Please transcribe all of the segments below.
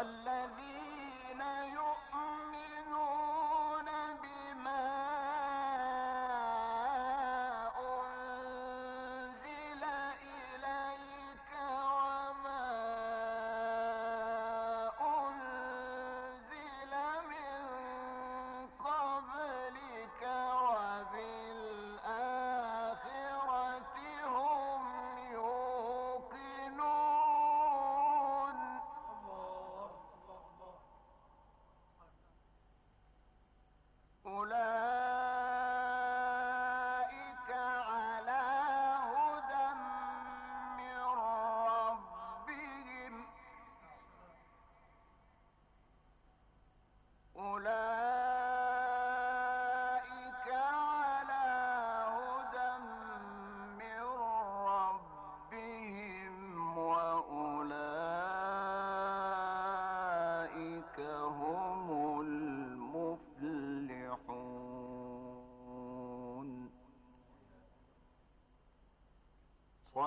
والذين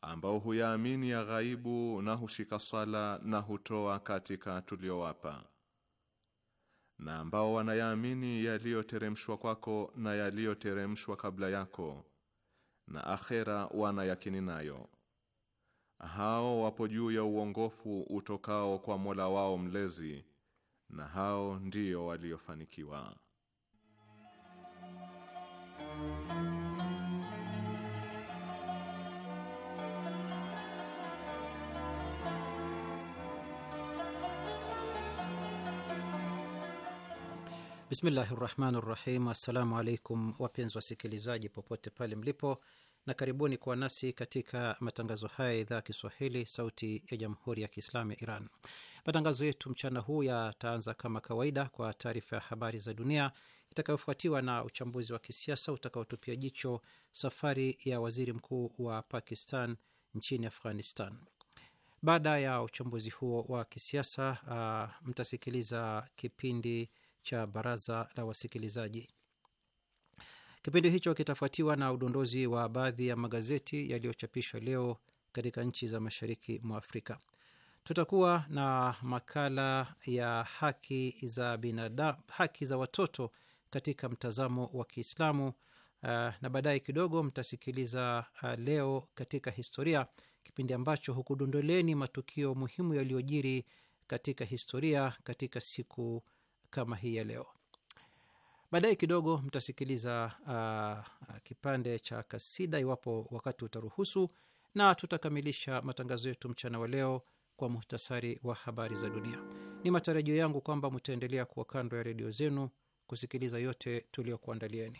ambao huyaamini ya ghaibu na hushika sala na hutoa katika tuliowapa, na ambao wanayaamini yaliyoteremshwa kwako na yaliyoteremshwa kabla yako, na akhera wana yakini nayo. Hao wapo juu ya uongofu utokao kwa Mola wao mlezi, na hao ndio waliofanikiwa. Bismillahi rahmani rahim. Assalamu alaikum wapenzi wasikilizaji popote pale mlipo, na karibuni kuwa nasi katika matangazo haya ya idhaa ya Kiswahili sauti ya jamhuri ya kiislamu ya Iran. Matangazo yetu mchana huu yataanza kama kawaida kwa taarifa ya habari za dunia itakayofuatiwa na uchambuzi wa kisiasa utakaotupia jicho safari ya waziri mkuu wa Pakistan nchini Afghanistan. Baada ya uchambuzi huo wa kisiasa, uh, mtasikiliza kipindi cha baraza la wasikilizaji. Kipindi hicho kitafuatiwa na udondozi wa baadhi ya magazeti yaliyochapishwa leo katika nchi za mashariki mwa Afrika. Tutakuwa na makala ya haki za binadamu, haki za watoto katika mtazamo wa Kiislamu. Uh, na baadaye kidogo mtasikiliza uh, leo katika historia, kipindi ambacho hukudondoleni matukio muhimu yaliyojiri katika historia katika siku kama hii ya leo. Baadaye kidogo mtasikiliza uh, uh, kipande cha kasida iwapo wakati utaruhusu, na tutakamilisha matangazo yetu mchana wa leo kwa muhtasari wa habari za dunia. Ni matarajio yangu kwamba mtaendelea kuwa kando ya redio zenu kusikiliza yote tuliyokuandalieni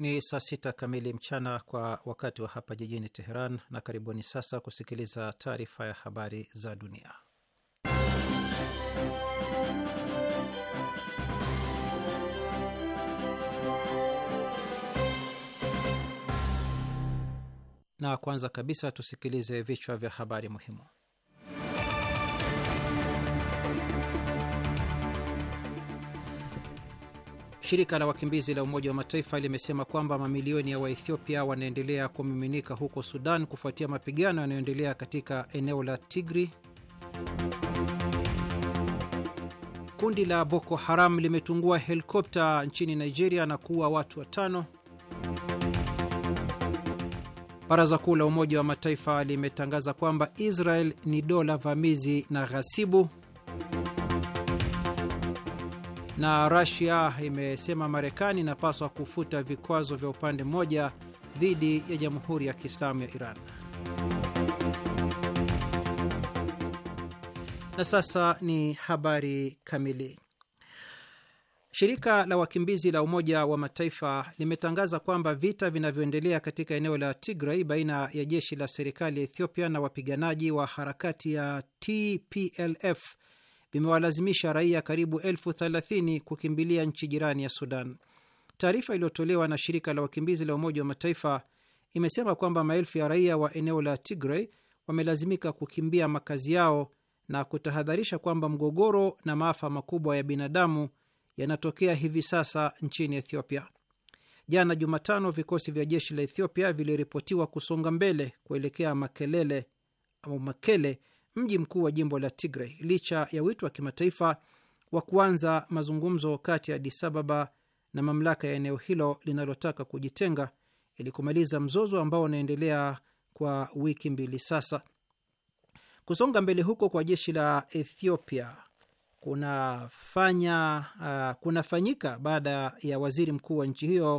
Ni saa sita kamili mchana kwa wakati wa hapa jijini Teheran, na karibuni sasa kusikiliza taarifa ya habari za dunia. Na kwanza kabisa tusikilize vichwa vya habari muhimu. Shirika la wakimbizi la Umoja wa Mataifa limesema kwamba mamilioni ya Waethiopia wanaendelea kumiminika huko Sudan kufuatia mapigano yanayoendelea katika eneo la Tigri. Kundi la Boko Haram limetungua helikopta nchini Nigeria na kuua watu watano. Baraza Kuu la Umoja wa Mataifa limetangaza kwamba Israel ni dola vamizi na ghasibu na Rasia imesema Marekani inapaswa kufuta vikwazo vya upande mmoja dhidi ya Jamhuri ya Kiislamu ya Iran. Na sasa ni habari kamili. Shirika la wakimbizi la Umoja wa Mataifa limetangaza kwamba vita vinavyoendelea katika eneo la Tigray baina ya jeshi la serikali ya Ethiopia na wapiganaji wa harakati ya TPLF vimewalazimisha raia karibu elfu thelathini kukimbilia nchi jirani ya Sudan. Taarifa iliyotolewa na shirika la wakimbizi la Umoja wa Mataifa imesema kwamba maelfu ya raia wa eneo la Tigray wamelazimika kukimbia makazi yao na kutahadharisha kwamba mgogoro na maafa makubwa ya binadamu yanatokea hivi sasa nchini Ethiopia. Jana Jumatano, vikosi vya jeshi la Ethiopia viliripotiwa kusonga mbele kuelekea Makelele au Makele mji mkuu wa jimbo la Tigray, licha ya wito wa kimataifa wa kuanza mazungumzo kati ya Addis Ababa na mamlaka ya eneo hilo linalotaka kujitenga ili kumaliza mzozo ambao unaendelea kwa wiki mbili sasa. Kusonga mbele huko kwa jeshi la Ethiopia kunafanya uh, kunafanyika baada ya waziri mkuu wa nchi hiyo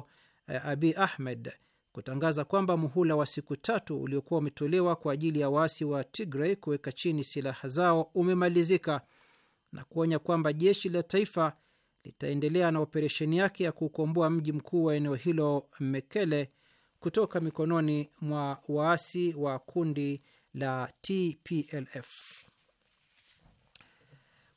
uh, Abiy Ahmed kutangaza kwamba muhula wa siku tatu uliokuwa umetolewa kwa ajili ya waasi wa Tigray kuweka chini silaha zao umemalizika na kuonya kwamba jeshi la taifa litaendelea na operesheni yake ya kukomboa mji mkuu wa eneo hilo Mekele kutoka mikononi mwa waasi wa kundi la TPLF.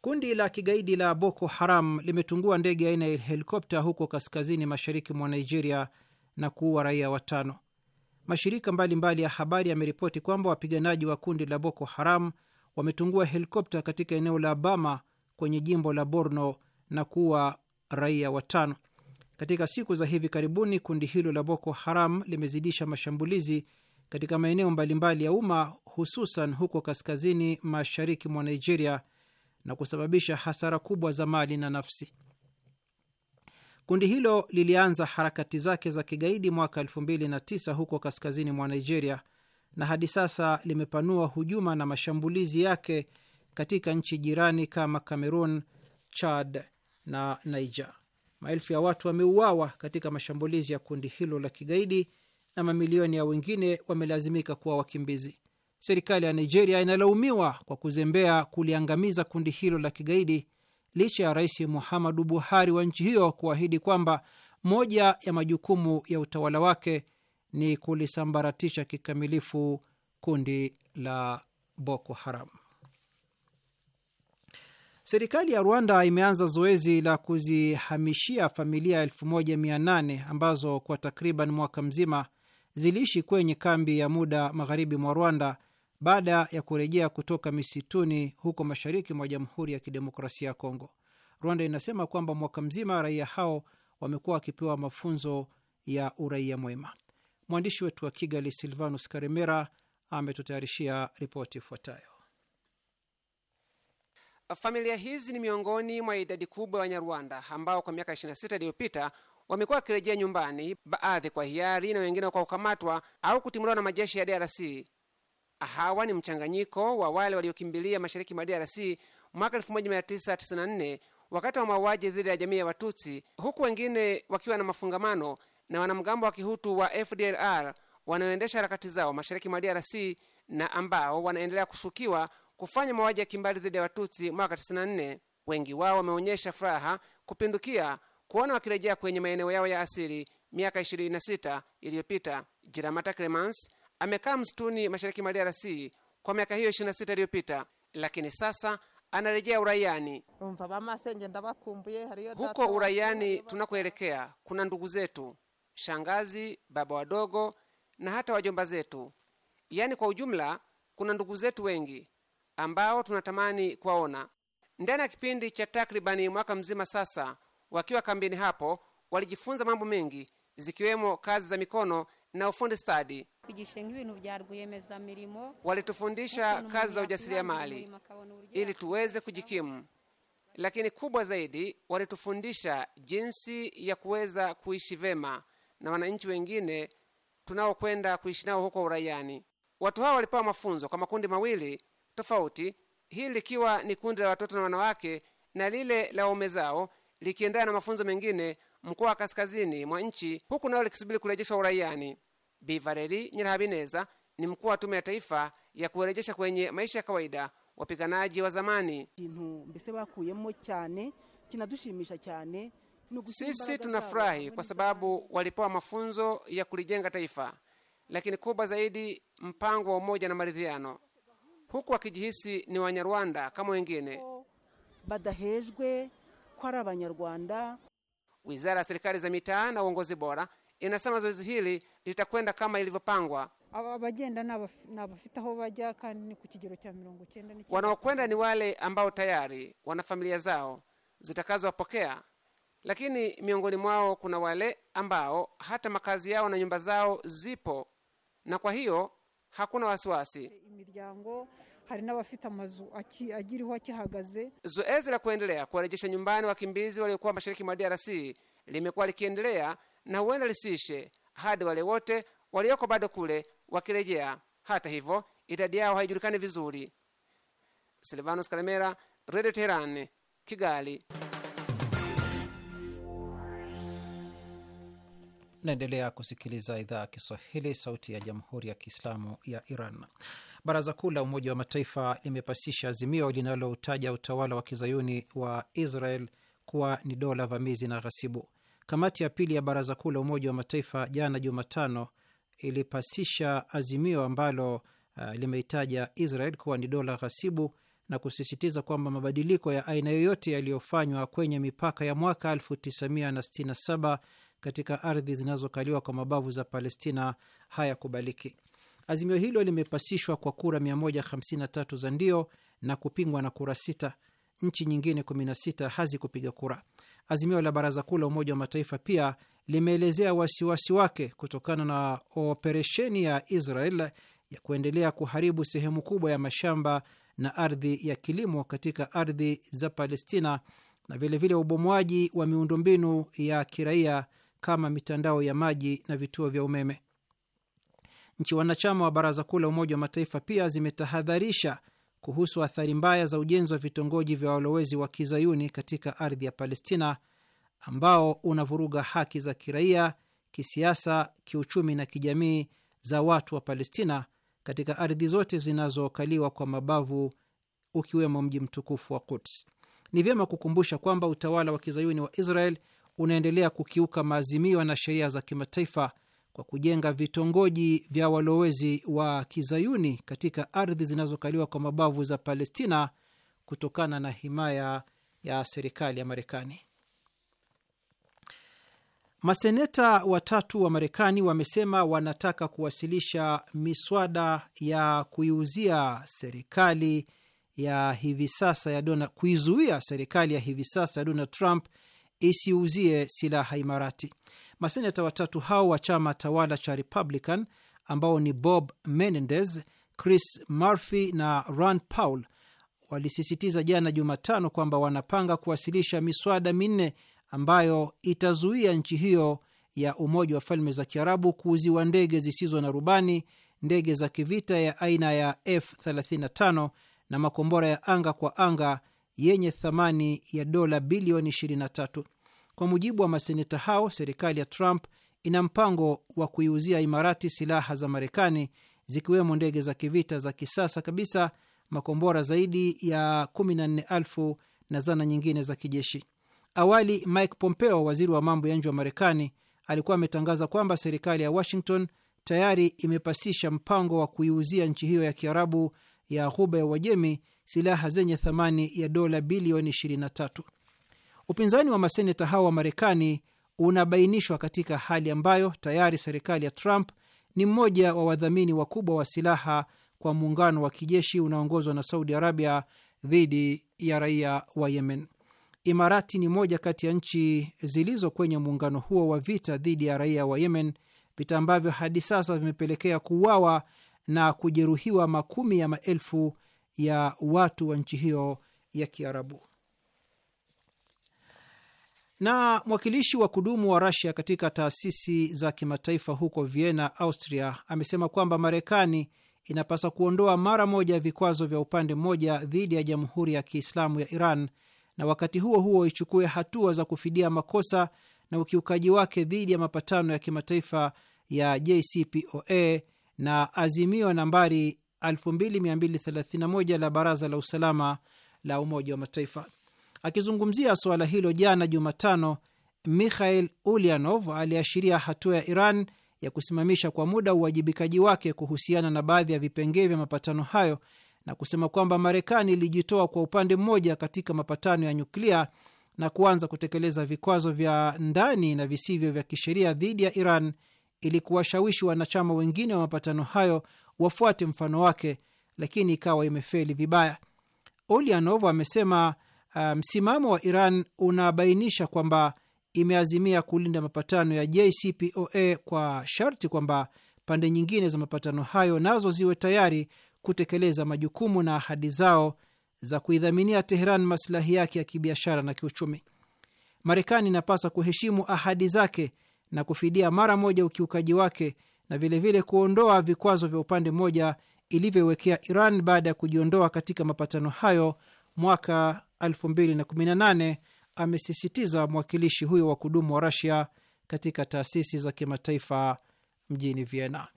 Kundi la kigaidi la Boko Haram limetungua ndege aina ya helikopta huko kaskazini mashariki mwa Nigeria na kuua raia watano. Mashirika mbalimbali mbali ya habari yameripoti kwamba wapiganaji wa kundi la Boko Haram wametungua helikopta katika eneo la Bama kwenye jimbo la Borno na kuua raia watano. Katika siku za hivi karibuni, kundi hilo la Boko Haram limezidisha mashambulizi katika maeneo mbalimbali ya umma, hususan huko kaskazini mashariki mwa Nigeria na kusababisha hasara kubwa za mali na nafsi. Kundi hilo lilianza harakati zake za kigaidi mwaka 2009 huko kaskazini mwa Nigeria na hadi sasa limepanua hujuma na mashambulizi yake katika nchi jirani kama Cameroon, Chad na Niger. Maelfu ya watu wameuawa katika mashambulizi ya kundi hilo la kigaidi na mamilioni ya wengine wamelazimika kuwa wakimbizi. Serikali ya Nigeria inalaumiwa kwa kuzembea kuliangamiza kundi hilo la kigaidi licha ya Rais Muhammadu Buhari wa nchi hiyo kuahidi kwamba moja ya majukumu ya utawala wake ni kulisambaratisha kikamilifu kundi la Boko Haram. Serikali ya Rwanda imeanza zoezi la kuzihamishia familia 1800 ambazo kwa takriban mwaka mzima ziliishi kwenye kambi ya muda magharibi mwa Rwanda baada ya kurejea kutoka misituni huko mashariki mwa Jamhuri ya Kidemokrasia ya Kongo. Rwanda inasema kwamba mwaka mzima raia hao wamekuwa wakipewa mafunzo ya uraia mwema. Mwandishi wetu wa Kigali, Silvanus Karemera, ametutayarishia ripoti ifuatayo. Familia hizi ni miongoni mwa idadi kubwa ya Wanyarwanda ambao kwa miaka 26 iliyopita wamekuwa wakirejea nyumbani, baadhi kwa hiari na wengine kwa kukamatwa au kutimuliwa na majeshi ya DRC Hawa ni mchanganyiko wa wale waliokimbilia mashariki mwa DRC mwaka 1994 wakati wa mauaji dhidi ya jamii ya Watutsi, huku wengine wakiwa na mafungamano na wanamgambo wa kihutu wa FDLR wanaoendesha harakati zao mashariki mwa DRC na ambao wanaendelea kushukiwa kufanya mauaji ya kimbali dhidi ya Watutsi mwaka 94. Wengi wao wameonyesha furaha kupindukia kuona wakirejea kwenye maeneo yao ya asili miaka 26 iliyopita. Jiramata Clemens, Amekaa msituni mashariki mwa DRC kwa miaka hiyo 26 iliyopita, lakini sasa anarejea uraiani. Huko uraiani tunakoelekea kuna ndugu zetu, shangazi, baba wadogo na hata wajomba zetu, yaani kwa ujumla kuna ndugu zetu wengi ambao tunatamani kuwaona. Ndani ya kipindi cha takribani mwaka mzima sasa, wakiwa kambini hapo, walijifunza mambo mengi, zikiwemo kazi za mikono na ufundi stadi. Walitufundisha kazi za ujasiriamali ili tuweze kujikimu, lakini kubwa zaidi walitufundisha jinsi ya kuweza kuishi vema na wananchi wengine tunaokwenda kuishi nao huko uraiani. Watu hao walipewa mafunzo kwa makundi mawili tofauti, hili likiwa ni kundi la watoto na wanawake na lile la waume zao likiendana na mafunzo mengine mkoa wa kaskazini mwa nchi, huku nao likisubiri kurejeshwa uraiani. Bivareri Nyirahabineza ni mkuu wa tume ya taifa ya kuwarejesha kwenye maisha ya kawaida wapiganaji wa zamani. Sisi tunafurahi kwa sababu walipewa mafunzo ya kulijenga taifa, lakini kubwa zaidi, mpango wa umoja na maridhiano, huku wakijihisi ni Wanyarwanda kama wengine badahejwe kwa abanyarwanda. Wizara ya serikali za mitaa na uongozi bora inasema zoezi hili litakwenda kama ilivyopangwa. Wanaokwenda ni wale ambao tayari wana familia zao zitakazowapokea, lakini miongoni mwao kuna wale ambao hata makazi yao na nyumba zao zipo, na kwa hiyo hakuna wasiwasi. Zoezi la kuendelea kuwarejesha nyumbani wakimbizi waliokuwa mashariki mwa DRC limekuwa likiendelea na huenda lisiishe hadi wale wote walioko bado kule wakirejea. Hata hivyo, idadi yao haijulikani vizuri. Silvanus Kalemera, Radio Teherani, Kigali. Naendelea kusikiliza idhaa ya Kiswahili, sauti ya jamhuri ya kiislamu ya Iran. Baraza Kuu la Umoja wa Mataifa limepasisha azimio linalotaja utawala wa kizayuni wa Israel kuwa ni dola vamizi na ghasibu. Kamati ya pili ya Baraza Kuu la Umoja wa Mataifa jana Jumatano ilipasisha azimio ambalo uh, limeitaja Israel kuwa ni dola ghasibu na kusisitiza kwamba mabadiliko ya aina yoyote yaliyofanywa kwenye mipaka ya mwaka 1967 katika ardhi zinazokaliwa kwa mabavu za Palestina hayakubaliki. Azimio hilo limepasishwa kwa kura 153 za ndio na kupingwa na kura sita. Nchi nyingine 16 hazikupiga kura. Azimio la Baraza Kuu la Umoja wa Mataifa pia limeelezea wasiwasi wake kutokana na operesheni ya Israel ya kuendelea kuharibu sehemu kubwa ya mashamba na ardhi ya kilimo katika ardhi za Palestina na vilevile ubomoaji wa miundombinu ya kiraia kama mitandao ya maji na vituo vya umeme. Nchi wanachama wa Baraza Kuu la Umoja wa Mataifa pia zimetahadharisha kuhusu athari mbaya za ujenzi wa vitongoji vya walowezi wa kizayuni katika ardhi ya Palestina ambao unavuruga haki za kiraia, kisiasa, kiuchumi na kijamii za watu wa Palestina katika ardhi zote zinazokaliwa kwa mabavu ukiwemo mji mtukufu wa Quds. Ni vyema kukumbusha kwamba utawala wa kizayuni wa Israel unaendelea kukiuka maazimio na sheria za kimataifa kwa kujenga vitongoji vya walowezi wa kizayuni katika ardhi zinazokaliwa kwa mabavu za Palestina kutokana na himaya ya serikali ya Marekani. Maseneta watatu wa Marekani wamesema wanataka kuwasilisha miswada ya kuiuzia serikali ya hivi sasa ya Donald, kuizuia serikali ya hivi sasa ya Donald Trump isiuzie silaha Imarati. Maseneta watatu hao wa chama tawala cha Republican ambao ni Bob Menendez, Chris Murphy na Rand Paul walisisitiza jana Jumatano kwamba wanapanga kuwasilisha miswada minne ambayo itazuia nchi hiyo ya Umoja wa Falme za Kiarabu kuuziwa ndege zisizo na rubani, ndege za kivita ya aina ya F35 na makombora ya anga kwa anga yenye thamani ya dola bilioni 23. Kwa mujibu wa maseneta hao, serikali ya Trump ina mpango wa kuiuzia Imarati silaha za Marekani, zikiwemo ndege za kivita za kisasa kabisa, makombora zaidi ya 14,000 na zana nyingine za kijeshi. Awali Mike Pompeo, waziri wa mambo ya nje wa Marekani, alikuwa ametangaza kwamba serikali ya Washington tayari imepasisha mpango wa kuiuzia nchi hiyo ya Kiarabu ya Ghuba ya Uajemi silaha zenye thamani ya dola bilioni 23. Upinzani wa maseneta hao wa Marekani unabainishwa katika hali ambayo tayari serikali ya Trump ni mmoja wa wadhamini wakubwa wa silaha kwa muungano wa kijeshi unaoongozwa na Saudi Arabia dhidi ya raia wa Yemen. Imarati ni moja kati ya nchi zilizo kwenye muungano huo wa vita dhidi ya raia wa Yemen, vita ambavyo hadi sasa vimepelekea kuuawa na kujeruhiwa makumi ya maelfu ya watu wa nchi hiyo ya Kiarabu. Na mwakilishi wa kudumu wa Rasia katika taasisi za kimataifa huko Vienna, Austria, amesema kwamba Marekani inapaswa kuondoa mara moja vikwazo vya upande mmoja dhidi ya Jamhuri ya Kiislamu ya Iran na wakati huo huo ichukue hatua za kufidia makosa na ukiukaji wake dhidi ya mapatano ya kimataifa ya JCPOA na azimio nambari 2231 la Baraza la Usalama la Umoja wa Mataifa. Akizungumzia suala hilo jana Jumatano, Mikhail Ulyanov aliashiria hatua ya Iran ya kusimamisha kwa muda uwajibikaji wake kuhusiana na baadhi ya vipengee vya mapatano hayo na kusema kwamba Marekani ilijitoa kwa upande mmoja katika mapatano ya nyuklia na kuanza kutekeleza vikwazo vya ndani na visivyo vya kisheria dhidi ya Iran ili kuwashawishi wanachama wengine wa mapatano hayo wafuate mfano wake, lakini ikawa imefeli vibaya. Ulyanov amesema Um, msimamo um, wa Iran unabainisha kwamba imeazimia kulinda mapatano ya JCPOA kwa sharti kwamba pande nyingine za mapatano hayo nazo ziwe tayari kutekeleza majukumu na ahadi zao za kuidhaminia Teheran masilahi yake ya kibiashara na kiuchumi. Marekani inapasa kuheshimu ahadi zake na kufidia mara moja ukiukaji wake na vilevile vile kuondoa vikwazo vya upande mmoja ilivyowekea Iran baada ya kujiondoa katika mapatano hayo mwaka 2018 amesisitiza mwakilishi huyo wa kudumu wa Rasia katika taasisi za kimataifa mjini Vienna.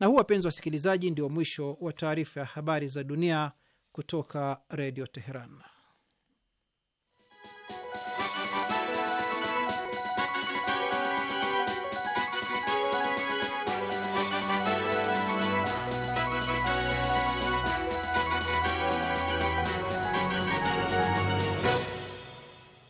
Na huu, wapenzi wasikilizaji, ndio mwisho wa taarifa ya habari za dunia kutoka Redio Teheran.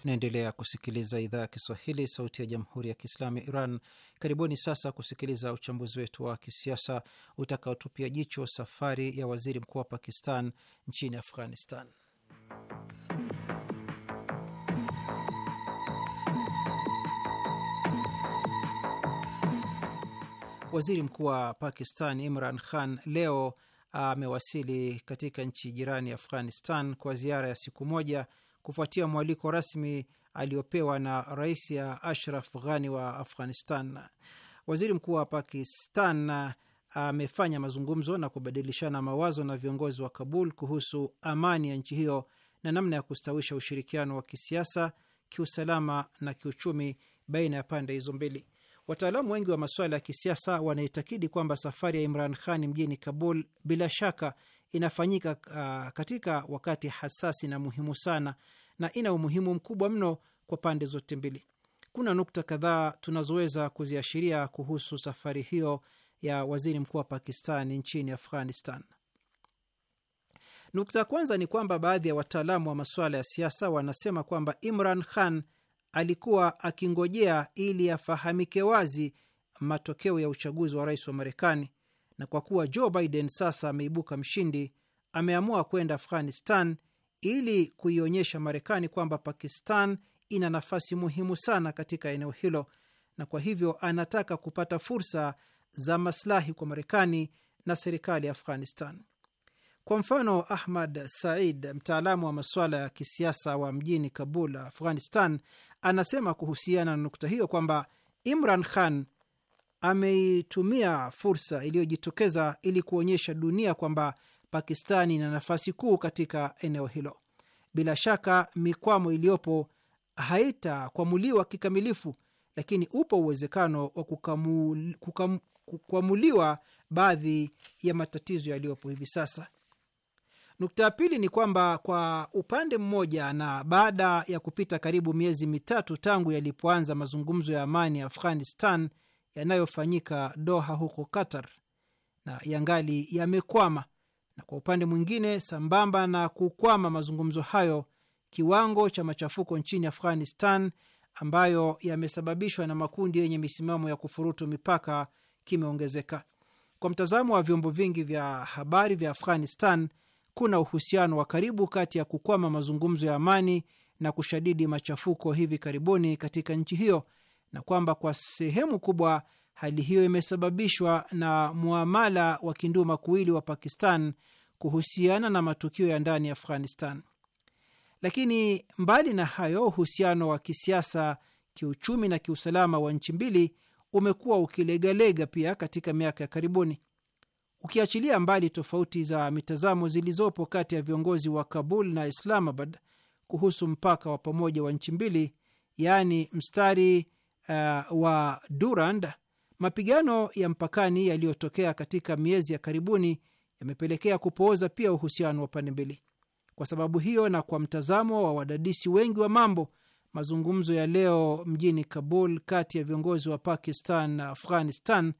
Naendelea kusikiliza idhaa ya Kiswahili, sauti ya jamhuri ya kiislamu ya Iran. Karibuni sasa kusikiliza uchambuzi wetu wa kisiasa utakaotupia jicho safari ya waziri mkuu wa Pakistan nchini Afghanistan. Waziri mkuu wa Pakistan Imran Khan leo amewasili katika nchi jirani ya Afghanistan kwa ziara ya siku moja kufuatia mwaliko rasmi aliyopewa na rais ya Ashraf Ghani wa Afghanistan. Waziri mkuu wa Pakistan amefanya mazungumzo na kubadilishana mawazo na viongozi wa Kabul kuhusu amani ya nchi hiyo na namna ya kustawisha ushirikiano wa kisiasa, kiusalama na kiuchumi baina ya pande hizo mbili. Wataalamu wengi wa masuala ya kisiasa wanaitakidi kwamba safari ya Imran Khan mjini Kabul bila shaka inafanyika uh, katika wakati hasasi na muhimu sana na ina umuhimu mkubwa mno kwa pande zote mbili. Kuna nukta kadhaa tunazoweza kuziashiria kuhusu safari hiyo ya waziri mkuu wa Pakistani nchini Afghanistan. Nukta ya kwanza ni kwamba baadhi ya wataalamu wa masuala ya siasa wanasema kwamba Imran Khan alikuwa akingojea ili afahamike wazi matokeo ya uchaguzi wa rais wa Marekani na kwa kuwa Joe Biden sasa ameibuka mshindi, ameamua kwenda Afghanistan ili kuionyesha Marekani kwamba Pakistan ina nafasi muhimu sana katika eneo hilo, na kwa hivyo anataka kupata fursa za maslahi kwa Marekani na serikali ya Afghanistan. Kwa mfano, Ahmad Said, mtaalamu wa masuala ya kisiasa wa mjini Kabul, Afghanistan, anasema kuhusiana na nukta hiyo kwamba Imran Khan ameitumia fursa iliyojitokeza ili kuonyesha dunia kwamba Pakistani ina nafasi kuu katika eneo hilo. Bila shaka mikwamo iliyopo haitakwamuliwa kikamilifu, lakini upo uwezekano wa kukwamuliwa baadhi ya matatizo yaliyopo hivi sasa. Nukta ya pili ni kwamba kwa upande mmoja, na baada ya kupita karibu miezi mitatu tangu yalipoanza mazungumzo ya amani ya Afghanistan yanayofanyika Doha huko Qatar na yangali yamekwama, na kwa upande mwingine, sambamba na kukwama mazungumzo hayo, kiwango cha machafuko nchini Afghanistan ambayo yamesababishwa na makundi yenye misimamo ya kufurutu mipaka kimeongezeka. Kwa mtazamo wa vyombo vingi vya habari vya Afghanistan, kuna uhusiano wa karibu kati ya kukwama mazungumzo ya amani na kushadidi machafuko hivi karibuni katika nchi hiyo na kwamba kwa sehemu kubwa hali hiyo imesababishwa na muamala wa kinduma kuwili wa Pakistan kuhusiana na matukio ya ndani ya Afghanistan. Lakini mbali na hayo, uhusiano wa kisiasa, kiuchumi na kiusalama wa nchi mbili umekuwa ukilegalega pia katika miaka ya karibuni. Ukiachilia mbali tofauti za mitazamo zilizopo kati ya viongozi wa Kabul na Islamabad kuhusu mpaka wa pamoja wa nchi mbili, yaani mstari uh, wa Durand, mapigano ya mpakani yaliyotokea katika miezi ya karibuni yamepelekea kupooza pia uhusiano wa pande mbili. Kwa sababu hiyo na kwa mtazamo wa wadadisi wengi wa mambo, mazungumzo ya leo mjini Kabul kati ya viongozi wa Pakistan na Afghanistan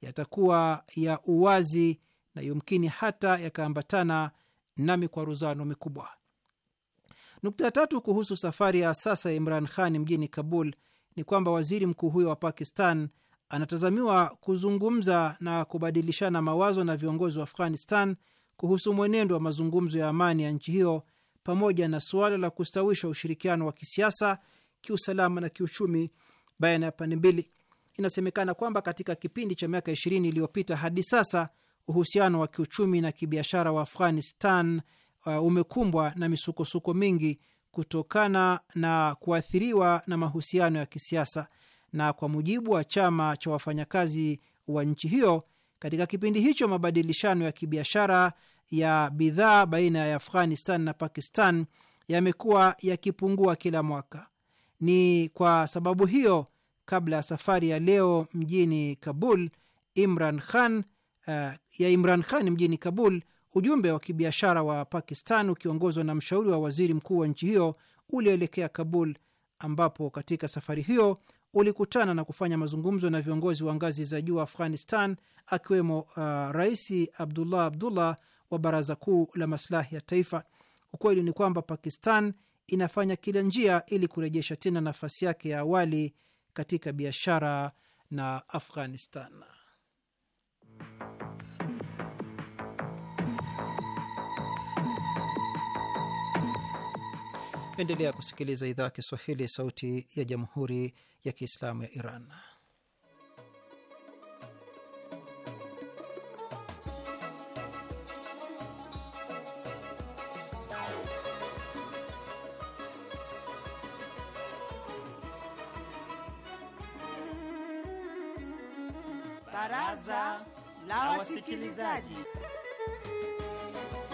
yatakuwa ya uwazi na yumkini hata yakaambatana na mikwaruzano mikubwa. Nukta ya tatu kuhusu safari ya sasa ya Imran Khan mjini Kabul ni kwamba waziri mkuu huyo wa Pakistan anatazamiwa kuzungumza na kubadilishana mawazo na viongozi wa Afghanistan kuhusu mwenendo wa mazungumzo ya amani ya nchi hiyo pamoja na suala la kustawisha ushirikiano wa kisiasa, kiusalama na kiuchumi baina ya pande mbili. Inasemekana kwamba katika kipindi cha miaka ishirini iliyopita hadi sasa uhusiano wa kiuchumi na kibiashara wa Afghanistan uh, umekumbwa na misukosuko mingi kutokana na kuathiriwa na mahusiano ya kisiasa, na kwa mujibu wa chama cha wafanyakazi wa nchi hiyo, katika kipindi hicho mabadilishano ya kibiashara ya bidhaa baina ya Afghanistan na Pakistan yamekuwa yakipungua kila mwaka. Ni kwa sababu hiyo, kabla ya safari ya leo mjini Kabul, Imran Khan, uh, ya Imran Khan mjini Kabul Ujumbe wa kibiashara wa Pakistan ukiongozwa na mshauri wa waziri mkuu wa nchi hiyo ulielekea Kabul, ambapo katika safari hiyo ulikutana na kufanya mazungumzo na viongozi wa ngazi za juu wa Afghanistan, akiwemo uh, Rais Abdullah Abdullah wa Baraza Kuu la Maslahi ya Taifa. Ukweli ni kwamba Pakistan inafanya kila njia ili kurejesha tena nafasi yake ya awali katika biashara na Afghanistan. endelea kusikiliza idhaa ya Kiswahili, sauti ya jamhuri ya kiislamu ya Iran. Baraza la Wasikilizaji.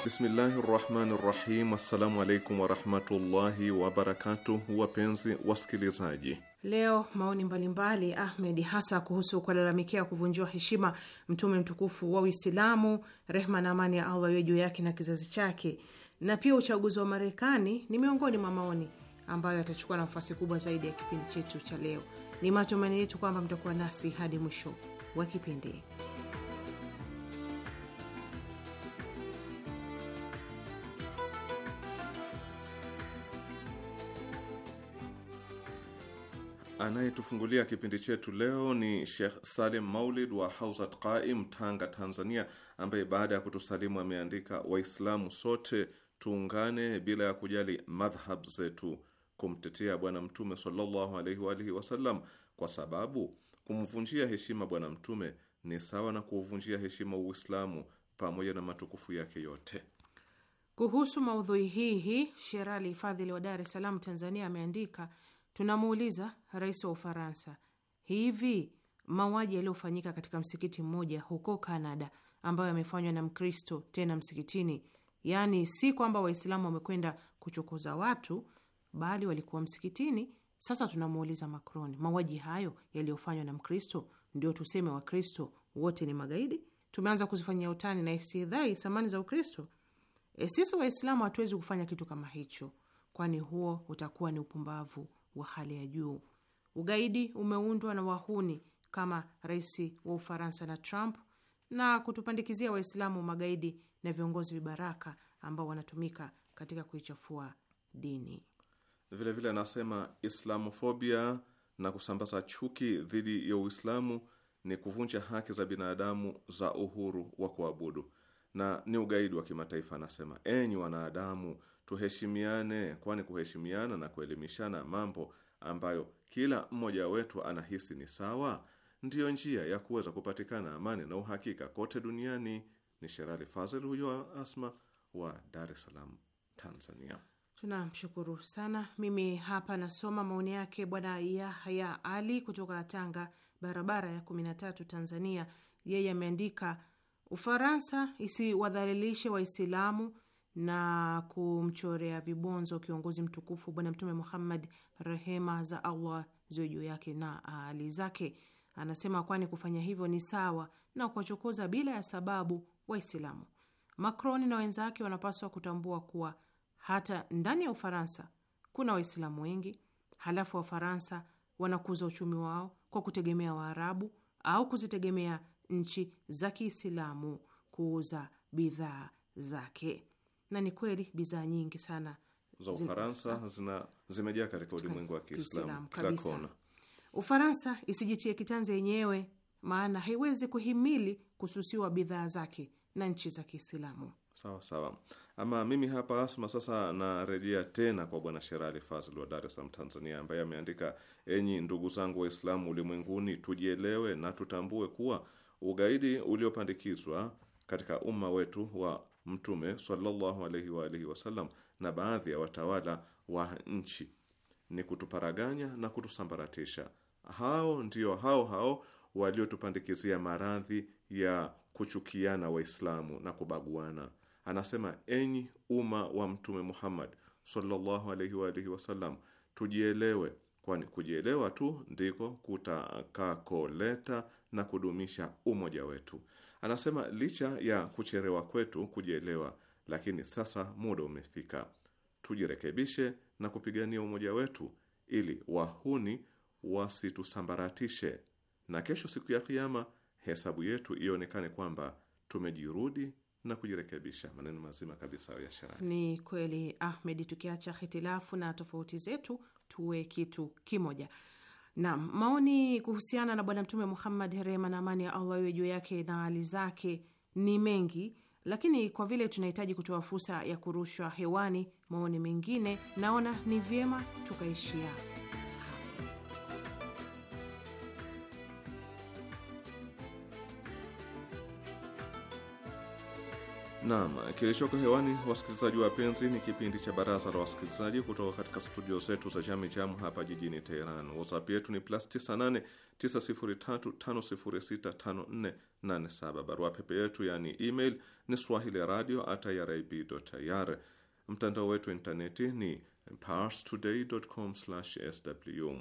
Bismillahi rahmani rahim. Assalamu alaikum warahmatullahi wabarakatuh. Wapenzi wasikilizaji, leo maoni mbalimbali Ahmed, hasa kuhusu kualalamikia kuvunjiwa heshima mtume mtukufu wa Uislamu, rehma na amani ya Allah iwe juu yake na kizazi chake, na pia uchaguzi wa Marekani ni miongoni mwa maoni ambayo yatachukua nafasi kubwa zaidi ya kipindi chetu cha leo. Ni matumaini yetu kwamba mtakuwa nasi hadi mwisho wa kipindi. Anayetufungulia kipindi chetu leo ni Sheikh Salim Maulid wa Hausat Qaim, Tanga, Tanzania, ambaye baada ya kutusalimu ameandika: Waislamu sote tuungane bila ya kujali madhhab zetu kumtetea Bwana Mtume sallallahu alaihi wa alihi wasallam, kwa sababu kumvunjia heshima Bwana Mtume ni sawa na kuuvunjia heshima Uislamu pamoja na matukufu yake yote. Kuhusu maudhui hii hii, Sherali Fadhili wa Dar es Salaam, Tanzania, ameandika Tunamuuliza rais wa Ufaransa, hivi mauaji yaliyofanyika katika msikiti mmoja huko Canada ambayo yamefanywa na Mkristo tena msikitini, yaani si kwamba Waislamu wamekwenda kuchokoza watu, bali walikuwa msikitini. Sasa tunamuuliza Macron, mauaji hayo yaliyofanywa na Mkristo, ndio tuseme Wakristo wote ni magaidi? Tumeanza kuzifanyia utani na istidhai samani za Ukristo? E, sisi Waislamu hatuwezi kufanya kitu kama hicho, kwani huo utakuwa ni upumbavu wa hali ya juu. Ugaidi umeundwa na wahuni kama rais wa Ufaransa na Trump na kutupandikizia Waislamu magaidi na viongozi vibaraka ambao wanatumika katika kuichafua dini. Vilevile vile anasema islamofobia na kusambaza chuki dhidi ya Uislamu ni kuvunja haki za binadamu za uhuru wa kuabudu na ni ugaidi wa kimataifa. Anasema, enyi wanadamu Tuheshimiane, kwani kuheshimiana na kuelimishana mambo ambayo kila mmoja wetu anahisi ni sawa ndiyo njia ya kuweza kupatikana amani na uhakika kote duniani. Ni Sherali Fazel huyo Asma wa Dar es Salaam, Tanzania. Tunamshukuru sana. Mimi hapa nasoma maoni yake Bwana Yahya Ali kutoka Tanga, barabara ya 13, Tanzania. Yeye ameandika, Ufaransa isiwadhalilishe Waislamu na kumchorea vibonzo kiongozi mtukufu Bwana Mtume Muhammad, rehema za Allah ziwe juu yake na aali zake. Anasema kwani kufanya hivyo ni sawa na kuwachokoza bila ya sababu Waislamu. Macron na wenzake wanapaswa kutambua kuwa hata ndani ya Ufaransa kuna Waislamu wengi, halafu Wafaransa wanakuza uchumi wao kwa kutegemea Waarabu au kuzitegemea nchi za Kiislamu kuuza bidhaa zake na ni kweli bidhaa nyingi sana za Ufaransa zina zimejaa katika ulimwengu wa Kiislamu kila kona. Ufaransa isijitie kitanzi yenyewe, maana haiwezi kuhimili kususiwa bidhaa zake na nchi za Kiislamu. Sawa sawa. Ama mimi hapa Asma, sasa narejea tena kwa Bwana Sherali Fazl wa Dar es Salaam, Tanzania, ambaye ameandika: enyi ndugu zangu Waislamu ulimwenguni, tujielewe na tutambue kuwa ugaidi uliopandikizwa katika umma wetu wa Mtume sallallahu alaihi wa alihi wasallam na baadhi ya watawala wa nchi ni kutuparaganya na kutusambaratisha. Hao ndio hao hao waliotupandikizia maradhi ya kuchukiana Waislamu na kubaguana. Anasema, enyi umma wa Mtume Muhammad sallallahu alaihi wa alihi wasallam, tujielewe, kwani kujielewa tu ndiko kutakakoleta na kudumisha umoja wetu. Anasema licha ya kucherewa kwetu kujielewa, lakini sasa muda umefika tujirekebishe na kupigania umoja wetu ili wahuni wasitusambaratishe, na kesho siku ya Kiyama hesabu yetu ionekane kwamba tumejirudi na kujirekebisha. Maneno mazima kabisa ya Sharani. Ni kweli Ahmed, tukiacha hitilafu na tofauti zetu tuwe kitu kimoja. Naam, maoni kuhusiana na Bwana Mtume Muhammad, rehma na amani ya Allah iwe juu yake na hali zake, ni mengi, lakini kwa vile tunahitaji kutoa fursa ya kurushwa hewani maoni mengine, naona ni vyema tukaishia Naam, kilichoko hewani wasikilizaji wapenzi, ni kipindi cha baraza la wasikilizaji kutoka katika studio zetu za Jamijamu hapa jijini Teheran. WhatsApp yetu ni plus 989035065487. Barua pepe yetu yaani email ni swahili radio at irib.ir. Mtandao wetu wa intaneti ni parstoday.com/sw.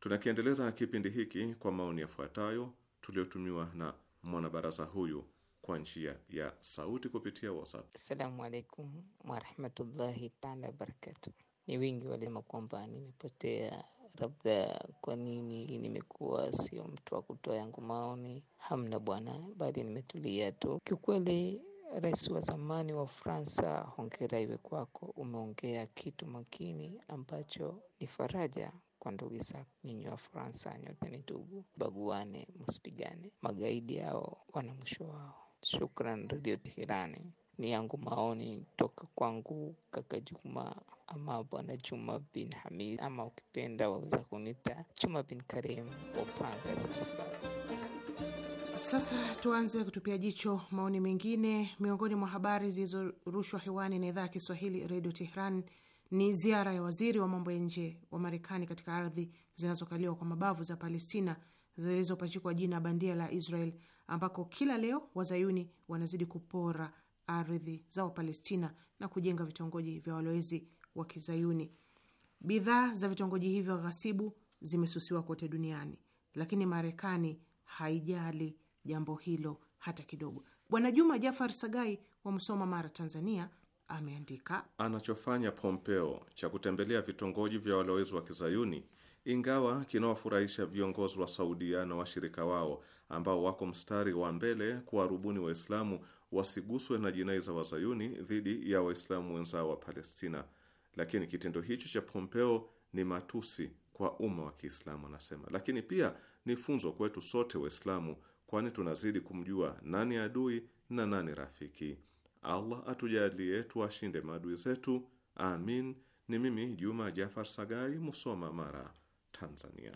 Tunakiendeleza kipindi hiki kwa maoni yafuatayo tuliyotumiwa na mwanabaraza huyu kwa njia ya sauti kupitia WhatsApp. Assalamu alaikum warahmatullahi taala wabarakatu. Ni wengi walisema kwamba nimepotea, labda kwa nini nimekuwa sio mtu wa kutoa yangu maoni. Hamna bwana, bali nimetulia tu kiukweli. Rais wa zamani wa Fransa, hongera iwe kwako, umeongea kitu makini ambacho ni faraja kwa ndugu zako nyinyi wa Fransa. Nyote ni ndugu, baguane, msipigane. Magaidi hao wana mwisho wao. Shukran Radio Teherani. Ni yangu maoni toka kwangu kaka Juma ama bwana Juma bin Hamid, ama ukipenda waweza kunita Juma bin Karim wa Zanzibar. Sasa tuanze kutupia jicho maoni mengine. Miongoni mwa habari zilizorushwa hewani na idhaa ya Kiswahili Redio Tehran ni ziara ya waziri wa mambo ya nje wa Marekani katika ardhi zinazokaliwa kwa mabavu za Palestina zilizopachikwa jina bandia la Israel ambako kila leo wazayuni wanazidi kupora ardhi za Wapalestina na kujenga vitongoji vya walowezi wa Kizayuni. Bidhaa za vitongoji hivyo ghasibu zimesusiwa kote duniani, lakini Marekani haijali jambo hilo hata kidogo. Bwana Juma Jafar Sagai wa Msoma, Mara, Tanzania ameandika, anachofanya Pompeo cha kutembelea vitongoji vya walowezi wa Kizayuni ingawa kinawafurahisha viongozi wa Saudia na washirika wao ambao wako mstari wa mbele kuwarubuni Waislamu wasiguswe na jinai za wazayuni dhidi ya Waislamu wenzao wa Palestina, lakini kitendo hicho cha Pompeo ni matusi kwa umma wa Kiislamu, anasema, lakini pia ni funzo kwetu sote Waislamu, kwani tunazidi kumjua nani adui na nani rafiki. Allah atujalie tuwashinde maadui zetu, amin. Ni mimi Juma Jafar Sagai, Musoma, Mara. Tanzania.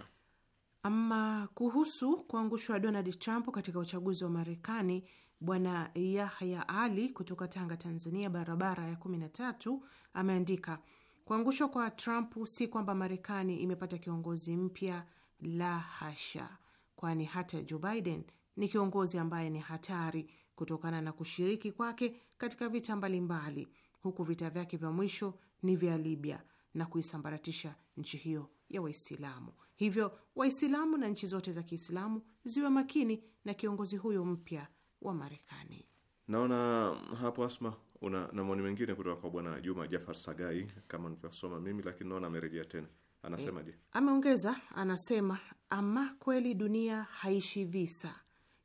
Ama kuhusu kuangushwa Donald Trump katika uchaguzi wa Marekani, bwana Yahya Ali kutoka Tanga, Tanzania, barabara ya kumi na tatu, ameandika kuangushwa kwa Trump si kwamba Marekani imepata kiongozi mpya, la hasha, kwani hata Joe Biden ni kiongozi ambaye ni hatari kutokana na kushiriki kwake katika vita mbalimbali mbali, huku vita vyake vya mwisho ni vya Libya na kuisambaratisha nchi hiyo ya Waislamu. Hivyo Waislamu na nchi zote za Kiislamu ziwe makini na kiongozi huyo mpya wa Marekani. Naona hapo Asma una na maoni mengine kutoka kwa Bwana Juma Jafar Sagai kama nilivyosoma mimi, lakini naona amerejea tena. Anasema je, eh, ameongeza anasema, ama kweli dunia haishi visa.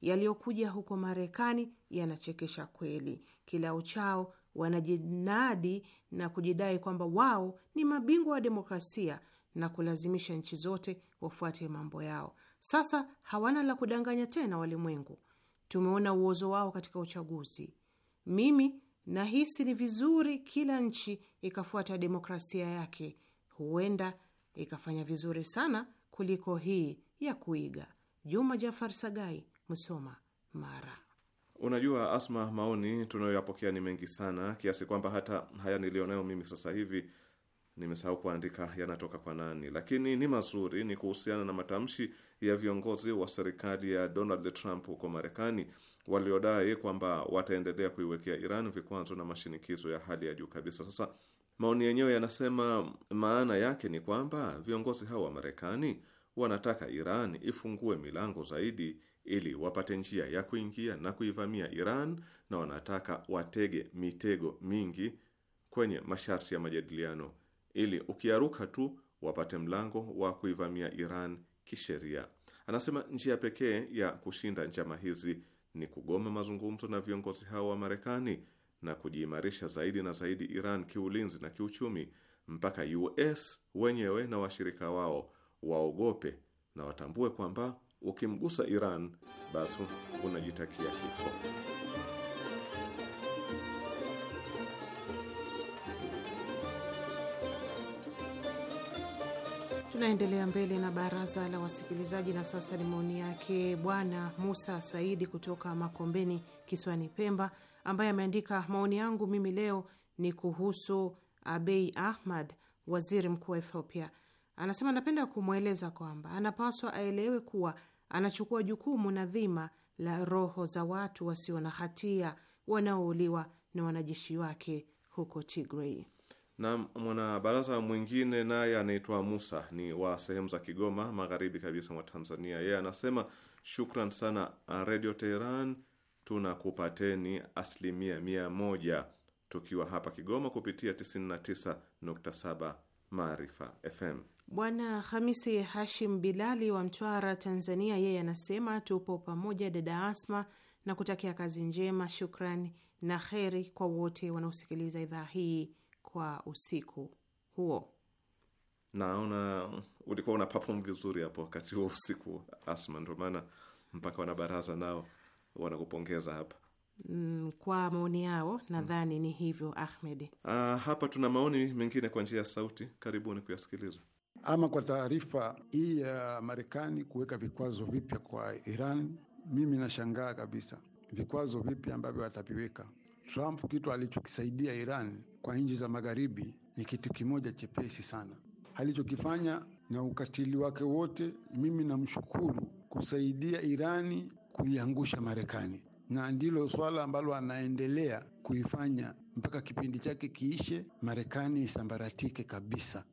Yaliyokuja huko Marekani yanachekesha kweli. Kila uchao wanajinadi na kujidai kwamba wao ni mabingwa wa demokrasia na kulazimisha nchi zote wafuate mambo yao. Sasa hawana la kudanganya tena walimwengu. Tumeona uozo wao katika uchaguzi. Mimi nahisi ni vizuri kila nchi ikafuata demokrasia yake, huenda ikafanya vizuri sana kuliko hii ya kuiga. Juma Jafar Sagai, Msoma, Mara. Unajua Asma, maoni tunayoyapokea ni mengi sana kiasi kwamba hata haya niliyonayo mimi sasa hivi Nimesahau kuandika yanatoka kwa nani, lakini ni mazuri. Ni kuhusiana na matamshi ya viongozi wa serikali ya Donald Trump huko Marekani waliodai kwamba wataendelea kuiwekea Iran vikwazo na mashinikizo ya hali ya juu kabisa. Sasa maoni yenyewe yanasema, maana yake ni kwamba viongozi hao wa Marekani wanataka Iran ifungue milango zaidi ili wapate njia ya kuingia na kuivamia Iran, na wanataka watege mitego mingi kwenye masharti ya majadiliano ili ukiaruka tu wapate mlango wa kuivamia Iran kisheria. Anasema njia pekee ya kushinda njama hizi ni kugoma mazungumzo na viongozi hao wa Marekani na kujiimarisha zaidi na zaidi Iran kiulinzi na kiuchumi mpaka US wenyewe na washirika wao waogope na watambue kwamba ukimgusa Iran basi unajitakia kifo. Tunaendelea mbele na baraza la wasikilizaji, na sasa ni maoni yake Bwana Musa Saidi kutoka Makombeni kisiwani Pemba, ambaye ameandika maoni yangu mimi leo ni kuhusu Abei Ahmad, waziri mkuu wa Ethiopia. Anasema napenda kumweleza kwamba anapaswa aelewe kuwa anachukua jukumu na dhima la roho za watu wasio na hatia wanaouliwa na wanajeshi wake huko Tigrei na mwanabaraza mwingine naye anaitwa Musa, ni wa sehemu za Kigoma, magharibi kabisa mwa Tanzania. Yeye anasema shukran sana uh, Radio Teheran, tunakupateni asilimia mia moja tukiwa hapa Kigoma kupitia 99.7 Maarifa FM. Bwana Hamisi Hashim Bilali wa Mtwara, Tanzania, yeye anasema tupo pamoja dada Asma na kutakia kazi njema. Shukrani na kheri kwa wote wanaosikiliza idhaa hii kwa usiku huo. Naona ulikuwa una perform vizuri hapo wakati huo usiku, Asma, ndio maana mpaka wanabaraza nao wanakupongeza hapa mm, kwa maoni yao. Nadhani hmm, ni hivyo Ahmed. Ah, hapa tuna maoni mengine kwa njia ya sauti, karibuni kuyasikiliza. Ama kwa taarifa hii ya Marekani kuweka vikwazo vipya kwa Iran, mimi nashangaa kabisa, vikwazo vipya ambavyo wataviweka. Trump kitu alichokisaidia Iran kwa nchi za magharibi ni kitu kimoja chepesi sana. Alichokifanya na ukatili wake wote, mimi namshukuru kusaidia Irani kuiangusha Marekani, na ndilo swala ambalo anaendelea kuifanya mpaka kipindi chake kiishe, Marekani isambaratike kabisa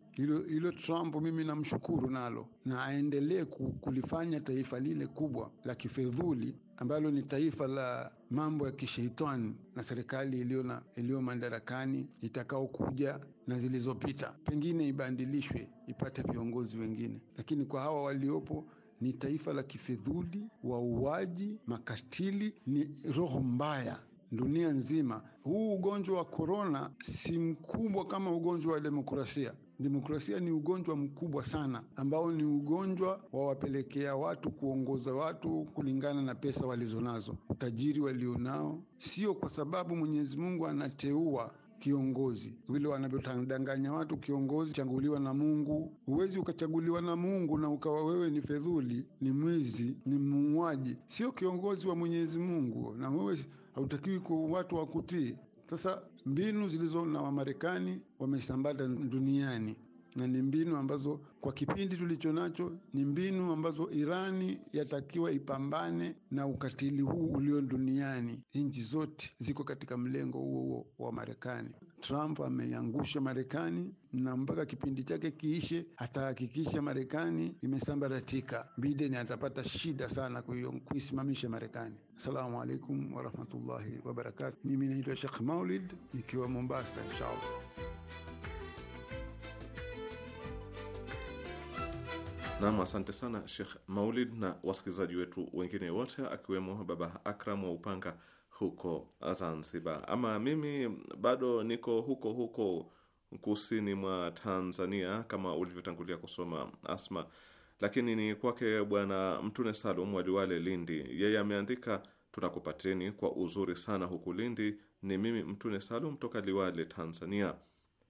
hilo Trump mimi namshukuru nalo, na aendelee kulifanya taifa lile kubwa la kifedhuli ambalo ni taifa la mambo ya kisheitani na serikali iliyo na iliyo madarakani itakaokuja na zilizopita, pengine ibadilishwe ipate viongozi wengine, lakini kwa hawa waliopo ni taifa la kifedhuli wauaji, makatili, ni roho mbaya dunia nzima. Huu ugonjwa wa korona si mkubwa kama ugonjwa wa demokrasia. Demokrasia ni ugonjwa mkubwa sana ambao ni ugonjwa wa wapelekea watu kuongoza watu kulingana na pesa walizonazo, utajiri walionao, sio kwa sababu Mwenyezi Mungu anateua kiongozi vile wanavyotadanganya watu. Kiongozi chaguliwa na Mungu. Huwezi ukachaguliwa na Mungu na ukawa wewe ni fedhuli, ni mwizi, ni muuaji. Sio kiongozi wa Mwenyezi Mungu, na wewe hautakiwi ku watu wakutii. Sasa mbinu zilizo na Wamarekani wamesambaza duniani na ni mbinu ambazo kwa kipindi tulicho nacho ni mbinu ambazo Irani yatakiwa ipambane na ukatili huu ulio duniani. Nchi zote ziko katika mlengo huo huo wa Marekani. Trump ameiangusha Marekani na mpaka kipindi chake kiishe atahakikisha Marekani imesambaratika. Biden atapata shida sana kuisimamisha Marekani. Assalamu alaikum warahmatullahi wabarakatu. Mimi naitwa Sheikh Maulid nikiwa Mombasa, inshallah. Nam, asante sana Sheikh Maulid na wasikilizaji wetu wengine wote akiwemo Baba Akram wa Upanga huko Zanzibar. Ama mimi bado niko huko huko kusini mwa Tanzania, kama ulivyotangulia kusoma Asma, lakini ni kwake Bwana Mtune Salum wa Lindi. Yeye ameandika tunakupateni kwa uzuri sana huku Lindi. Ni mimi Mtune Salum toka Liwale, Tanzania,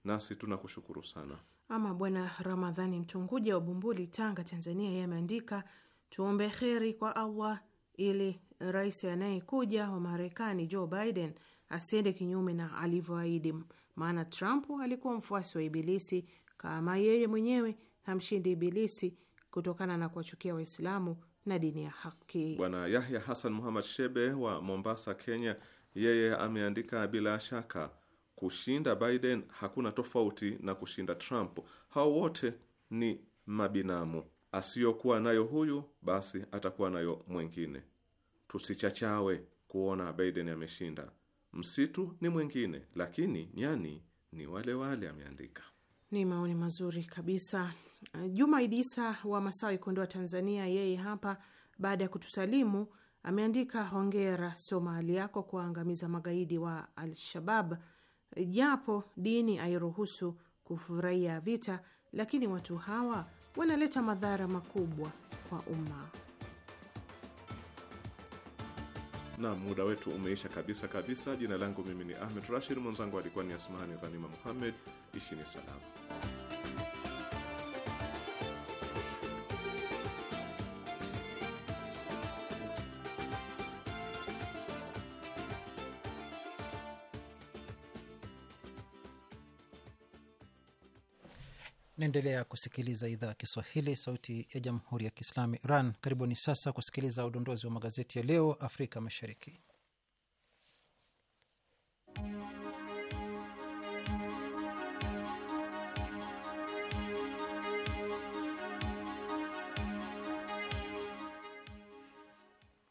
nasi tunakushukuru sana. Ama Bwana Ramadhani Mtunguja wa Bumbuli, Tanga, Tanzania, yeye ameandika tuombe kheri kwa Allah ili rais anayekuja wa Marekani Joe Biden asiende kinyume na alivyoahidi, maana Trump alikuwa mfuasi wa Ibilisi kama yeye mwenyewe hamshindi Ibilisi kutokana na kuwachukia Waislamu na dini ya haki. Bwana Yahya Hassan Muhammad Shebe wa Mombasa, Kenya, yeye ameandika bila shaka, kushinda Biden hakuna tofauti na kushinda Trump. Hao wote ni mabinamu, asiyokuwa nayo huyu basi atakuwa nayo mwingine. Tusichachawe kuona Biden ameshinda. Msitu ni mwingine, lakini nyani ni wale wale, ameandika. Ni maoni mazuri kabisa. Juma Idisa wa Masawi, Kondoa, Tanzania, yeye hapa baada ya kutusalimu ameandika hongera Somali yako kuangamiza magaidi wa Al-Shabab. Japo dini hairuhusu kufurahia vita, lakini watu hawa wanaleta madhara makubwa kwa umma. na muda wetu umeisha kabisa kabisa. Jina langu mimi ni Ahmed Rashid, mwenzangu alikuwa ni Asmahani Ghanima Muhammed. Ishini salama. Naendelea kusikiliza idhaa ya Kiswahili, sauti ya jamhuri ya kiislamu Iran. Karibuni sasa kusikiliza udondozi wa magazeti ya leo Afrika Mashariki.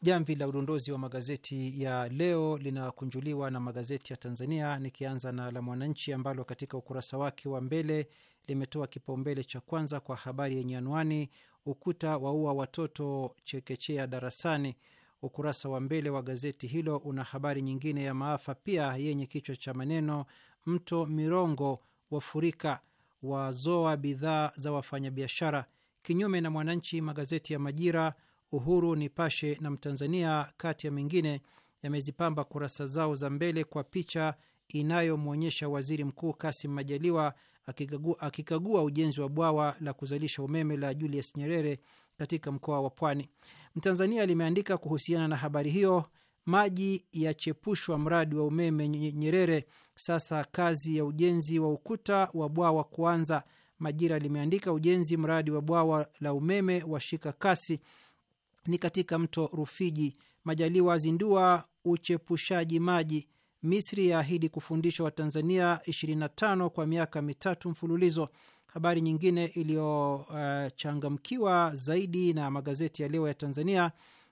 Jamvi la udondozi wa magazeti ya leo linakunjuliwa na magazeti ya Tanzania, nikianza na la Mwananchi ambalo katika ukurasa wake wa mbele limetoa kipaumbele cha kwanza kwa habari yenye anwani ukuta waua watoto chekechea darasani. Ukurasa wa mbele wa gazeti hilo una habari nyingine ya maafa pia yenye kichwa cha maneno mto Mirongo wafurika wazoa bidhaa za wafanyabiashara. Kinyume na Mwananchi, magazeti ya Majira, Uhuru, Nipashe na Mtanzania kati ya mengine yamezipamba kurasa zao za mbele kwa picha inayomwonyesha Waziri Mkuu Kasim Majaliwa akikagua, akikagua ujenzi wa bwawa la kuzalisha umeme la Julius Nyerere katika mkoa wa Pwani. Mtanzania limeandika kuhusiana na habari hiyo, maji yachepushwa mradi wa umeme Nyerere, sasa kazi ya ujenzi wa ukuta wa bwawa kuanza. Majira limeandika ujenzi mradi wa bwawa la umeme wa shika kasi ni katika mto Rufiji. Majaliwa azindua uchepushaji maji. Misri yaahidi kufundisha Watanzania 25 kwa miaka mitatu mfululizo. Habari nyingine iliyochangamkiwa uh, zaidi na magazeti ya leo ya Tanzania